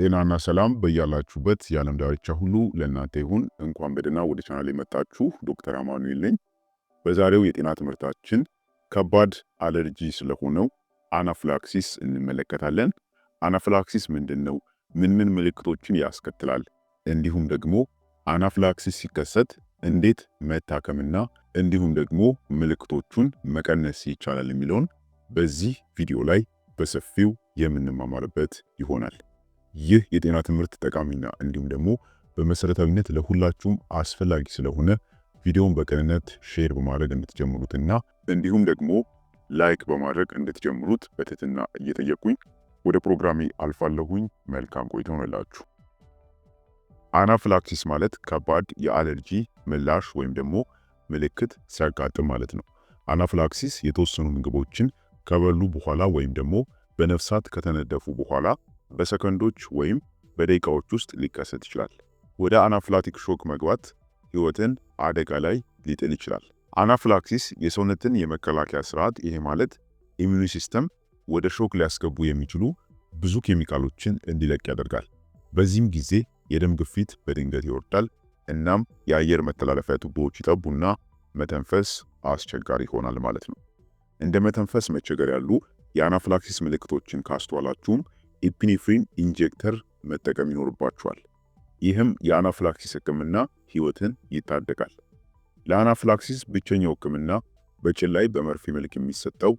ጤናና ሰላም በያላችሁበት የዓለም ዳርቻ ሁሉ ለእናንተ ይሁን። እንኳን በደህና ወደ ቻናል የመጣችሁ ዶክተር አማኑኤል ነኝ። በዛሬው የጤና ትምህርታችን ከባድ አለርጂ ስለሆነው አናፍላክሲስ እንመለከታለን። አናፍላክሲስ ምንድን ነው? ምን ምን ምልክቶችን ያስከትላል? እንዲሁም ደግሞ አናፍላክሲስ ሲከሰት እንዴት መታከምና እንዲሁም ደግሞ ምልክቶቹን መቀነስ ይቻላል የሚለውን በዚህ ቪዲዮ ላይ በሰፊው የምንማማርበት ይሆናል። ይህ የጤና ትምህርት ጠቃሚና እንዲሁም ደግሞ በመሰረታዊነት ለሁላችሁም አስፈላጊ ስለሆነ ቪዲዮውን በቅንነት ሼር በማድረግ እንድትጀምሩትና እንዲሁም ደግሞ ላይክ በማድረግ እንድትጀምሩት በትህትና እየጠየቁኝ ወደ ፕሮግራሜ አልፋለሁኝ። መልካም ቆይታ ሆነላችሁ። አናፍላክሲስ ማለት ከባድ የአለርጂ ምላሽ ወይም ደግሞ ምልክት ሲያጋጥም ማለት ነው። አናፍላክሲስ የተወሰኑ ምግቦችን ከበሉ በኋላ ወይም ደግሞ በነፍሳት ከተነደፉ በኋላ በሰከንዶች ወይም በደቂቃዎች ውስጥ ሊከሰት ይችላል። ወደ አናፍላክቲክ ሾክ መግባት ህይወትን አደጋ ላይ ሊጥል ይችላል። አናፍላክሲስ የሰውነትን የመከላከያ ስርዓት ይሄ ማለት ኢሚኒ ሲስተም ወደ ሾክ ሊያስገቡ የሚችሉ ብዙ ኬሚካሎችን እንዲለቅ ያደርጋል። በዚህም ጊዜ የደም ግፊት በድንገት ይወርዳል። እናም የአየር መተላለፊያ ቱቦዎች ይጠቡና መተንፈስ አስቸጋሪ ይሆናል ማለት ነው። እንደ መተንፈስ መቸገር ያሉ የአናፍላክሲስ ምልክቶችን ካስተዋላችሁም ኢፒኒፍሪን ኢንጀክተር መጠቀም ይኖርባቸዋል። ይህም የአናፍላክሲስ ህክምና ህይወትን ይታደጋል። ለአናፍላክሲስ ብቸኛው ህክምና በጭን ላይ በመርፌ መልክ የሚሰጠው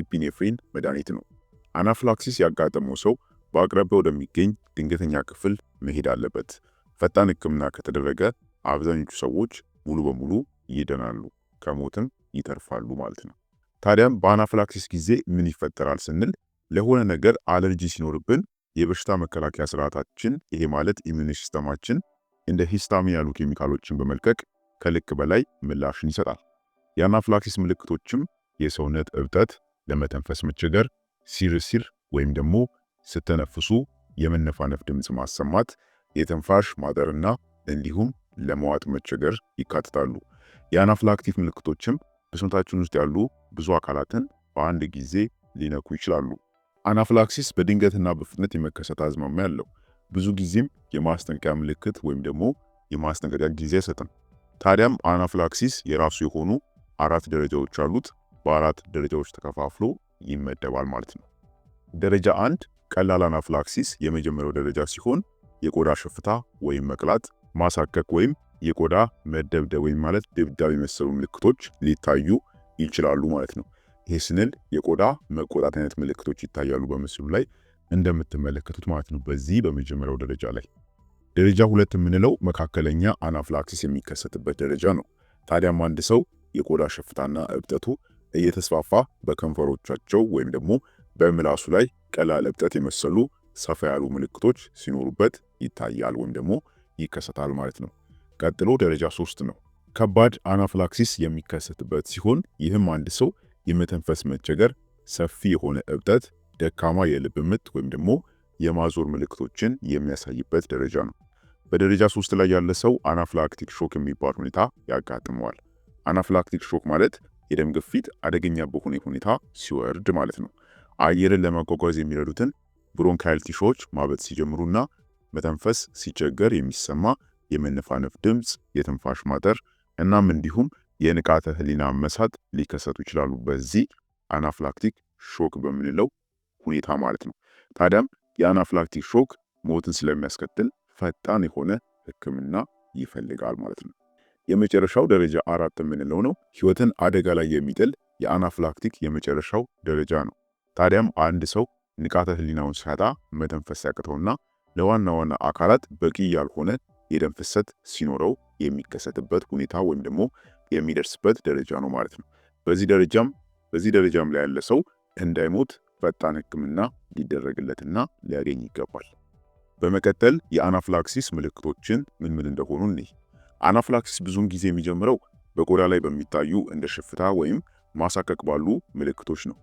ኤፒኔፍሪን መድኃኒት ነው። አናፍላክሲስ ያጋጠመው ሰው በአቅራቢያው ወደሚገኝ ድንገተኛ ክፍል መሄድ አለበት። ፈጣን ህክምና ከተደረገ አብዛኞቹ ሰዎች ሙሉ በሙሉ ይድናሉ፣ ከሞትም ይተርፋሉ ማለት ነው። ታዲያም በአናፍላክሲስ ጊዜ ምን ይፈጠራል ስንል ለሆነ ነገር አለርጂ ሲኖርብን የበሽታ መከላከያ ስርዓታችን ይሄ ማለት ኢሚዩን ሲስተማችን እንደ ሂስታሚን ያሉ ኬሚካሎችን በመልቀቅ ከልክ በላይ ምላሽን ይሰጣል። የአናፍላክሲስ ምልክቶችም የሰውነት እብጠት፣ ለመተንፈስ መቸገር፣ ሲርሲር ወይም ደግሞ ስተነፍሱ የመነፋነፍ ድምፅ ማሰማት፣ የተንፋሽ ማጠርና እንዲሁም ለመዋጥ መቸገር ይካትታሉ። የአናፍላክቲክ ምልክቶችም በሰውነታችን ውስጥ ያሉ ብዙ አካላትን በአንድ ጊዜ ሊነኩ ይችላሉ። አናፍላክሲስ በድንገትና በፍጥነት የመከሰት አዝማሚያ አለው። ብዙ ጊዜም የማስጠንቀቂያ ምልክት ወይም ደግሞ የማስጠንቀቂያ ጊዜ አይሰጥም። ታዲያም አናፍላክሲስ የራሱ የሆኑ አራት ደረጃዎች አሉት። በአራት ደረጃዎች ተከፋፍሎ ይመደባል ማለት ነው። ደረጃ አንድ ቀላል አናፍላክሲስ የመጀመሪያው ደረጃ ሲሆን የቆዳ ሽፍታ ወይም መቅላት፣ ማሳከክ ወይም የቆዳ መደብደብ ወይም ማለት ድብዳብ የመሰሉ ምልክቶች ሊታዩ ይችላሉ ማለት ነው። ይህ ስንል የቆዳ መቆጣት አይነት ምልክቶች ይታያሉ በምስሉ ላይ እንደምትመለከቱት ማለት ነው። በዚህ በመጀመሪያው ደረጃ ላይ ደረጃ ሁለት የምንለው መካከለኛ አናፍላክሲስ የሚከሰትበት ደረጃ ነው። ታዲያም አንድ ሰው የቆዳ ሽፍታና እብጠቱ እየተስፋፋ በከንፈሮቻቸው ወይም ደግሞ በምላሱ ላይ ቀላል እብጠት የመሰሉ ሰፋ ያሉ ምልክቶች ሲኖሩበት ይታያል ወይም ደግሞ ይከሰታል ማለት ነው። ቀጥሎ ደረጃ ሶስት ነው። ከባድ አናፍላክሲስ የሚከሰትበት ሲሆን ይህም አንድ ሰው የመተንፈስ መቸገር፣ ሰፊ የሆነ እብጠት፣ ደካማ የልብ ምት ወይም ደግሞ የማዞር ምልክቶችን የሚያሳይበት ደረጃ ነው። በደረጃ ሶስት ላይ ያለ ሰው አናፍላክቲክ ሾክ የሚባል ሁኔታ ያጋጥመዋል። አናፍላክቲክ ሾክ ማለት የደም ግፊት አደገኛ በሆነ ሁኔታ ሲወርድ ማለት ነው። አየርን ለማጓጓዝ የሚረዱትን ብሮንካይል ቲሾዎች ማበጥ ሲጀምሩና መተንፈስ ሲቸገር የሚሰማ የመነፋነፍ ድምፅ፣ የትንፋሽ ማጠር እናም እንዲሁም የንቃተ ህሊና መሳት ሊከሰቱ ይችላሉ። በዚህ አናፍላክቲክ ሾክ በምንለው ሁኔታ ማለት ነው። ታዲያም የአናፍላክቲክ ሾክ ሞትን ስለሚያስከትል ፈጣን የሆነ ህክምና ይፈልጋል ማለት ነው። የመጨረሻው ደረጃ አራት የምንለው ነው ህይወትን አደጋ ላይ የሚጥል የአናፍላክቲክ የመጨረሻው ደረጃ ነው። ታዲያም አንድ ሰው ንቃተ ህሊናውን ሲያጣ መተንፈስ ሲያቅተውና ለዋና ዋና አካላት በቂ ያልሆነ የደም ፍሰት ሲኖረው የሚከሰትበት ሁኔታ ወይም ደግሞ የሚደርስበት ደረጃ ነው ማለት ነው። በዚህ ደረጃም በዚህ ደረጃም ላይ ያለ ሰው እንዳይሞት ፈጣን ሕክምና ሊደረግለትና ሊያገኝ ይገባል። በመቀጠል የአናፍላክሲስ ምልክቶችን ምን ምን እንደሆኑ እንይ። አናፍላክሲስ ብዙውን ጊዜ የሚጀምረው በቆዳ ላይ በሚታዩ እንደ ሽፍታ ወይም ማሳከክ ባሉ ምልክቶች ነው።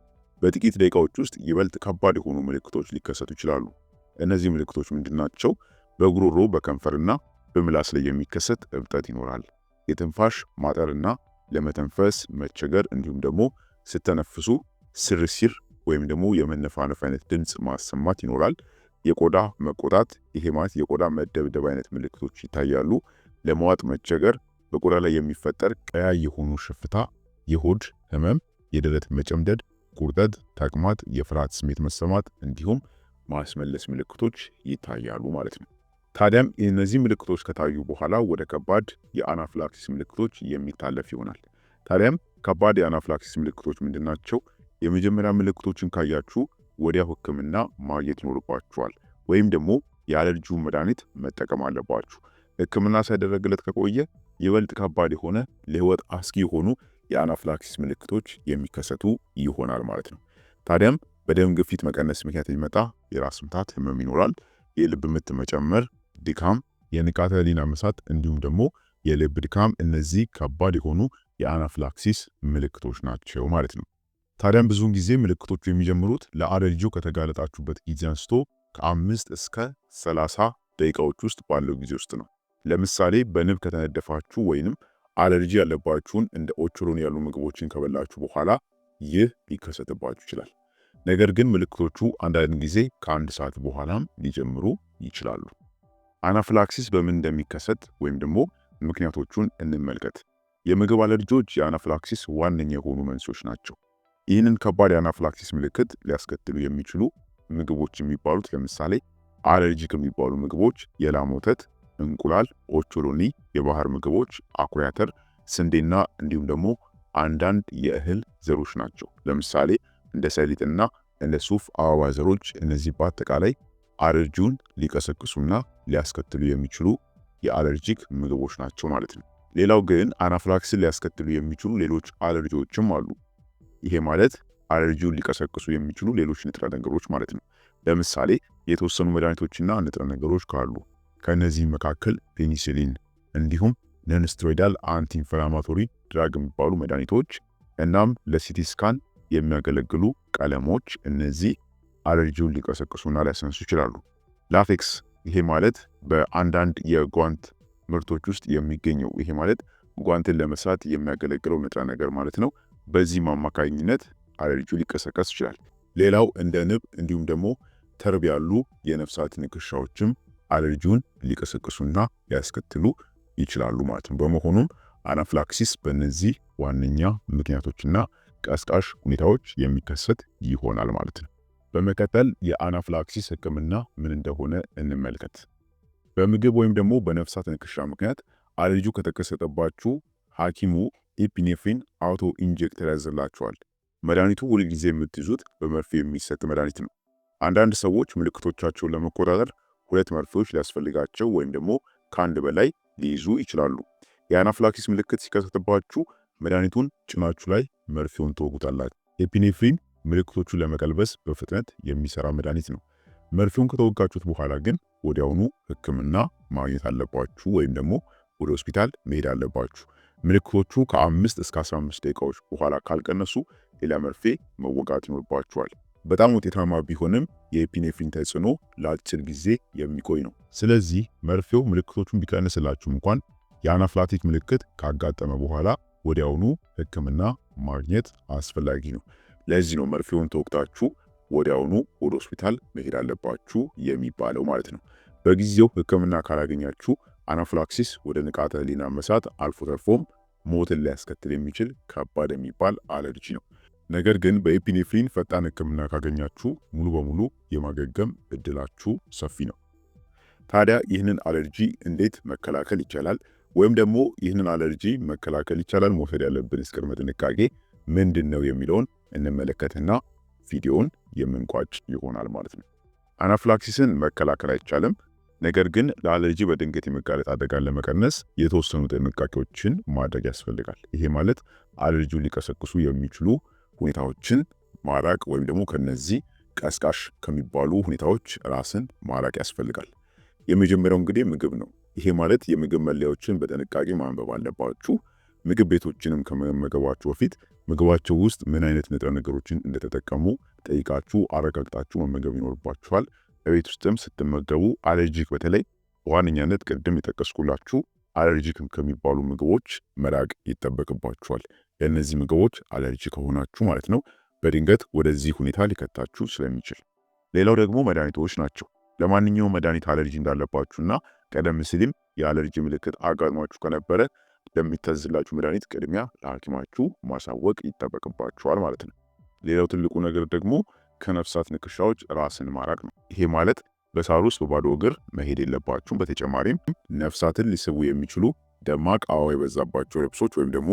በጥቂት ደቂቃዎች ውስጥ ይበልጥ ከባድ የሆኑ ምልክቶች ሊከሰቱ ይችላሉ። እነዚህ ምልክቶች ምንድናቸው? በጉሮሮ በከንፈርና በምላስ ላይ የሚከሰት እብጠት ይኖራል። የትንፋሽ ማጠርና ለመተንፈስ መቸገር እንዲሁም ደግሞ ስተነፍሱ ስርሲር ወይም ደግሞ የመነፋነፍ አይነት ድምፅ ማሰማት ይኖራል። የቆዳ መቆጣት፣ ይሄ ማለት የቆዳ መደብደብ አይነት ምልክቶች ይታያሉ። ለመዋጥ መቸገር፣ በቆዳ ላይ የሚፈጠር ቀያ የሆኑ ሽፍታ፣ የሆድ ህመም፣ የደረት መጨምደድ፣ ቁርጠት፣ ተቅማጥ፣ የፍርሃት ስሜት መሰማት እንዲሁም ማስመለስ ምልክቶች ይታያሉ ማለት ነው። ታዲያም እነዚህ ምልክቶች ከታዩ በኋላ ወደ ከባድ የአናፍላክሲስ ምልክቶች የሚታለፍ ይሆናል። ታዲያም ከባድ የአናፍላክሲስ ምልክቶች ምንድናቸው? የመጀመሪያ ምልክቶችን ካያችሁ ወዲያው ሕክምና ማግኘት ይኖርባችኋል፣ ወይም ደግሞ የአለርጂውን መድኃኒት መጠቀም አለባችሁ። ሕክምና ሳይደረግለት ከቆየ ይበልጥ ከባድ የሆነ ለህይወት አስጊ የሆኑ የአናፍላክሲስ ምልክቶች የሚከሰቱ ይሆናል ማለት ነው። ታዲያም በደም ግፊት መቀነስ ምክንያት የሚመጣ የራስ ምታት ህመም ይኖራል። የልብ ምት መጨመር ድካም፣ የንቃተ ህሊና መሳት እንዲሁም ደግሞ የልብ ድካም እነዚህ ከባድ የሆኑ የአናፍላክሲስ ምልክቶች ናቸው ማለት ነው። ታዲያም ብዙውን ጊዜ ምልክቶቹ የሚጀምሩት ለአለርጂው ከተጋለጣችሁበት ጊዜ አንስቶ ከአምስት እስከ ሰላሳ ደቂቃዎች ውስጥ ባለው ጊዜ ውስጥ ነው። ለምሳሌ በንብ ከተነደፋችሁ ወይንም አለርጂ ያለባችሁን እንደ ኦቾሎኒ ያሉ ምግቦችን ከበላችሁ በኋላ ይህ ሊከሰትባችሁ ይችላል። ነገር ግን ምልክቶቹ አንዳንድ ጊዜ ከአንድ ሰዓት በኋላም ሊጀምሩ ይችላሉ። አናፍላክሲስ በምን እንደሚከሰት ወይም ደግሞ ምክንያቶቹን እንመልከት። የምግብ አለርጂዎች የአናፍላክሲስ ዋነኛ የሆኑ መንስኤዎች ናቸው። ይህንን ከባድ የአናፍላክሲስ ምልክት ሊያስከትሉ የሚችሉ ምግቦች የሚባሉት ለምሳሌ አለርጂ ከሚባሉ ምግቦች የላም ወተት፣ እንቁላል፣ ኦቾሎኒ፣ የባህር ምግቦች፣ አኩሪ አተር፣ ስንዴና እንዲሁም ደግሞ አንዳንድ የእህል ዘሮች ናቸው። ለምሳሌ እንደ ሰሊጥና እንደ ሱፍ አበባ ዘሮች። እነዚህ በአጠቃላይ አለርጂውን ሊቀሰቅሱና ሊያስከትሉ የሚችሉ የአለርጂክ ምግቦች ናቸው ማለት ነው። ሌላው ግን አናፍላክስን ሊያስከትሉ የሚችሉ ሌሎች አለርጂዎችም አሉ። ይሄ ማለት አለርጂውን ሊቀሰቅሱ የሚችሉ ሌሎች ንጥረ ነገሮች ማለት ነው። ለምሳሌ የተወሰኑ መድኃኒቶችና ንጥረ ነገሮች ካሉ ከእነዚህ መካከል ፔኒሲሊን እንዲሁም ነንስትሮይዳል አንቲ ድራግ የሚባሉ መድኃኒቶች እናም ለሲቲ ስካን የሚያገለግሉ ቀለሞች እነዚህ አለርጂውን ሊቀሰቅሱና ሊያሰንሱ ይችላሉ። ላቴክስ ይሄ ማለት በአንዳንድ የጓንት ምርቶች ውስጥ የሚገኘው ይሄ ማለት ጓንትን ለመስራት የሚያገለግለው ንጥረ ነገር ማለት ነው። በዚህም አማካኝነት አለርጂ ሊቀሰቀስ ይችላል። ሌላው እንደ ንብ እንዲሁም ደግሞ ተርብ ያሉ የነፍሳት ንክሻዎችም አለርጂውን ሊቀሰቅሱና ሊያስከትሉ ይችላሉ ማለት ነው። በመሆኑም አናፍላክሲስ በእነዚህ ዋነኛ ምክንያቶችና ቀስቃሽ ሁኔታዎች የሚከሰት ይሆናል ማለት ነው። በመቀጠል የአናፍላክሲስ ህክምና ምን እንደሆነ እንመልከት። በምግብ ወይም ደግሞ በነፍሳት ንክሻ ምክንያት አለርጂ ከተከሰተባችሁ ሐኪሙ ኢፒኔፍሪን አውቶ ኢንጀክተር ያዘላቸዋል። መድኃኒቱ ጊዜ የምትይዙት በመርፌ የሚሰጥ መድኃኒት ነው። አንዳንድ ሰዎች ምልክቶቻቸውን ለመቆጣጠር ሁለት መርፌዎች ሊያስፈልጋቸው ወይም ደግሞ ከአንድ በላይ ሊይዙ ይችላሉ። የአናፍላክሲስ ምልክት ሲከሰትባችሁ መድኃኒቱን ጭናችሁ ላይ መርፌውን ትወጉታላችሁ። ኤፒኔፍሪን ምልክቶቹን ለመቀልበስ በፍጥነት የሚሰራ መድኃኒት ነው። መርፌውን ከተወጋችሁት በኋላ ግን ወዲያውኑ ህክምና ማግኘት አለባችሁ ወይም ደግሞ ወደ ሆስፒታል መሄድ አለባችሁ። ምልክቶቹ ከአምስት እስከ 15 ደቂቃዎች በኋላ ካልቀነሱ ሌላ መርፌ መወጋት ይኖርባችኋል። በጣም ውጤታማ ቢሆንም የኢፒኔፍሪን ተጽዕኖ ለአጭር ጊዜ የሚቆይ ነው። ስለዚህ መርፌው ምልክቶቹን ቢቀንስላችሁም እንኳን የአናፍላቲክ ምልክት ካጋጠመ በኋላ ወዲያውኑ ህክምና ማግኘት አስፈላጊ ነው። ለዚህ ነው መርፌውን ተወቅታችሁ ወዲያውኑ ወደ ሆስፒታል መሄድ አለባችሁ የሚባለው ማለት ነው። በጊዜው ህክምና ካላገኛችሁ አናፍላክሲስ ወደ ንቃተ ህሊና መሳት አልፎ ተርፎም ሞትን ሊያስከትል የሚችል ከባድ የሚባል አለርጂ ነው። ነገር ግን በኤፒኔፍሪን ፈጣን ህክምና ካገኛችሁ ሙሉ በሙሉ የማገገም እድላችሁ ሰፊ ነው። ታዲያ ይህንን አለርጂ እንዴት መከላከል ይቻላል? ወይም ደግሞ ይህንን አለርጂ መከላከል ይቻላል፣ መውሰድ ያለብን እስቅድመ ጥንቃቄ ምንድን ነው የሚለውን እንመለከትና ቪዲዮውን የምንቋጭ ይሆናል ማለት ነው። አናፍላክሲስን መከላከል አይቻልም፣ ነገር ግን ለአለርጂ በድንገት የመጋለጥ አደጋን ለመቀነስ የተወሰኑ ጥንቃቄዎችን ማድረግ ያስፈልጋል። ይሄ ማለት አለርጂውን ሊቀሰቅሱ የሚችሉ ሁኔታዎችን ማራቅ ወይም ደግሞ ከነዚህ ቀስቃሽ ከሚባሉ ሁኔታዎች ራስን ማራቅ ያስፈልጋል። የመጀመሪያው እንግዲህ ምግብ ነው። ይሄ ማለት የምግብ መለያዎችን በጥንቃቄ ማንበብ አለባችሁ። ምግብ ቤቶችንም ከመመገባችሁ በፊት ምግባቸው ውስጥ ምን አይነት ንጥረ ነገሮችን እንደተጠቀሙ ጠይቃችሁ አረጋግጣችሁ መመገብ ይኖርባችኋል። በቤት ውስጥም ስትመገቡ አለርጂክ በተለይ በዋነኛነት ቅድም የጠቀስኩላችሁ አለርጂክም ከሚባሉ ምግቦች መራቅ ይጠበቅባችኋል። ለእነዚህ ምግቦች አለርጂ ከሆናችሁ ማለት ነው በድንገት ወደዚህ ሁኔታ ሊከታችሁ ስለሚችል። ሌላው ደግሞ መድኃኒቶች ናቸው። ለማንኛውም መድኃኒት አለርጂ እንዳለባችሁና ቀደም ሲልም የአለርጂ ምልክት አጋጥሟችሁ ከነበረ ለሚታዝላችሁ መድኃኒት ቅድሚያ ለሐኪማችሁ ማሳወቅ ይጠበቅባችኋል ማለት ነው። ሌላው ትልቁ ነገር ደግሞ ከነፍሳት ንክሻዎች ራስን ማራቅ ነው። ይሄ ማለት በሳር ውስጥ በባዶ እግር መሄድ የለባችሁም። በተጨማሪም ነፍሳትን ሊስቡ የሚችሉ ደማቅ አበባ የበዛባቸው ልብሶች ወይም ደግሞ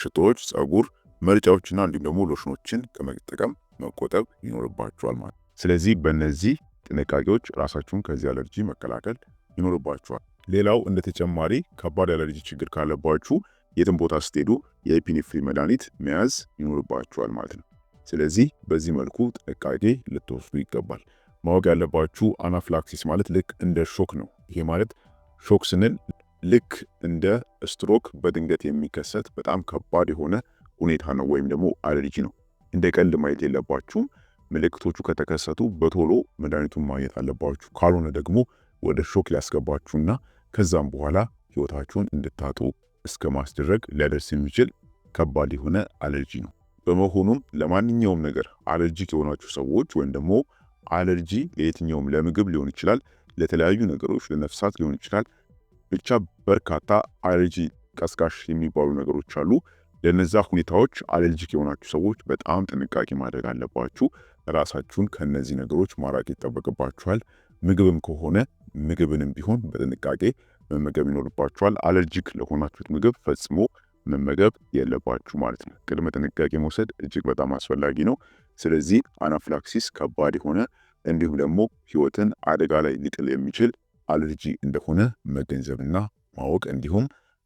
ሽቶዎች፣ ጸጉር መርጫዎችና እንዲሁም ደግሞ ሎሽኖችን ከመጠቀም መቆጠብ ይኖርባችኋል ማለት ስለዚህ በእነዚህ ጥንቃቄዎች ራሳችሁን ከዚህ አለርጂ መከላከል ይኖርባችኋል። ሌላው እንደ ተጨማሪ ከባድ አለርጂ ችግር ካለባችሁ የትም ቦታ ስትሄዱ የኢፒኔፍሪን መድኃኒት መያዝ ይኖርባችኋል ማለት ነው። ስለዚህ በዚህ መልኩ ጥንቃቄ ልትወስዱ ይገባል። ማወቅ ያለባችሁ አናፍላክሲስ ማለት ልክ እንደ ሾክ ነው። ይሄ ማለት ሾክ ስንል ልክ እንደ ስትሮክ በድንገት የሚከሰት በጣም ከባድ የሆነ ሁኔታ ነው፣ ወይም ደግሞ አለርጂ ነው። እንደ ቀልድ ማየት የለባችሁም። ምልክቶቹ ከተከሰቱ በቶሎ መድኃኒቱን ማግኘት አለባችሁ። ካልሆነ ደግሞ ወደ ሾክ ሊያስገባችሁና ከዛም በኋላ ህይወታችሁን እንድታጡ እስከ ማስደረግ ሊያደርስ የሚችል ከባድ የሆነ አለርጂ ነው። በመሆኑም ለማንኛውም ነገር አለርጂክ የሆናችሁ ሰዎች ወይም ደግሞ አለርጂ ለየትኛውም ለምግብ ሊሆን ይችላል፣ ለተለያዩ ነገሮች ለነፍሳት ሊሆን ይችላል። ብቻ በርካታ አለርጂ ቀስቃሽ የሚባሉ ነገሮች አሉ። ለነዛ ሁኔታዎች አለርጂክ የሆናችሁ ሰዎች በጣም ጥንቃቄ ማድረግ አለባችሁ። ራሳችሁን ከነዚህ ነገሮች ማራቅ ይጠበቅባችኋል። ምግብም ከሆነ ምግብንም ቢሆን በጥንቃቄ መመገብ ይኖርባችኋል። አለርጂክ ለሆናችሁት ምግብ ፈጽሞ መመገብ የለባችሁ ማለት ነው። ቅድመ ጥንቃቄ መውሰድ እጅግ በጣም አስፈላጊ ነው። ስለዚህ አናፍላክሲስ ከባድ የሆነ እንዲሁም ደግሞ ህይወትን አደጋ ላይ ሊጥል የሚችል አለርጂ እንደሆነ መገንዘብና ማወቅ እንዲሁም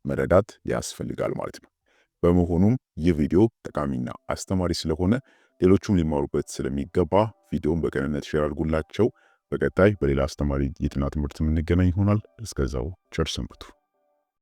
መረዳት ያስፈልጋል ማለት ነው። በመሆኑም ይህ ቪዲዮ ጠቃሚና አስተማሪ ስለሆነ ሌሎቹም ሊማሩበት ስለሚገባ ቪዲዮን በቅንነት ሼር አድርጉላቸው። በቀጣይ በሌላ አስተማሪ የጤና ትምህርት የምንገናኝ ይሆናል። እስከዛው ቸር ሰንብቱ።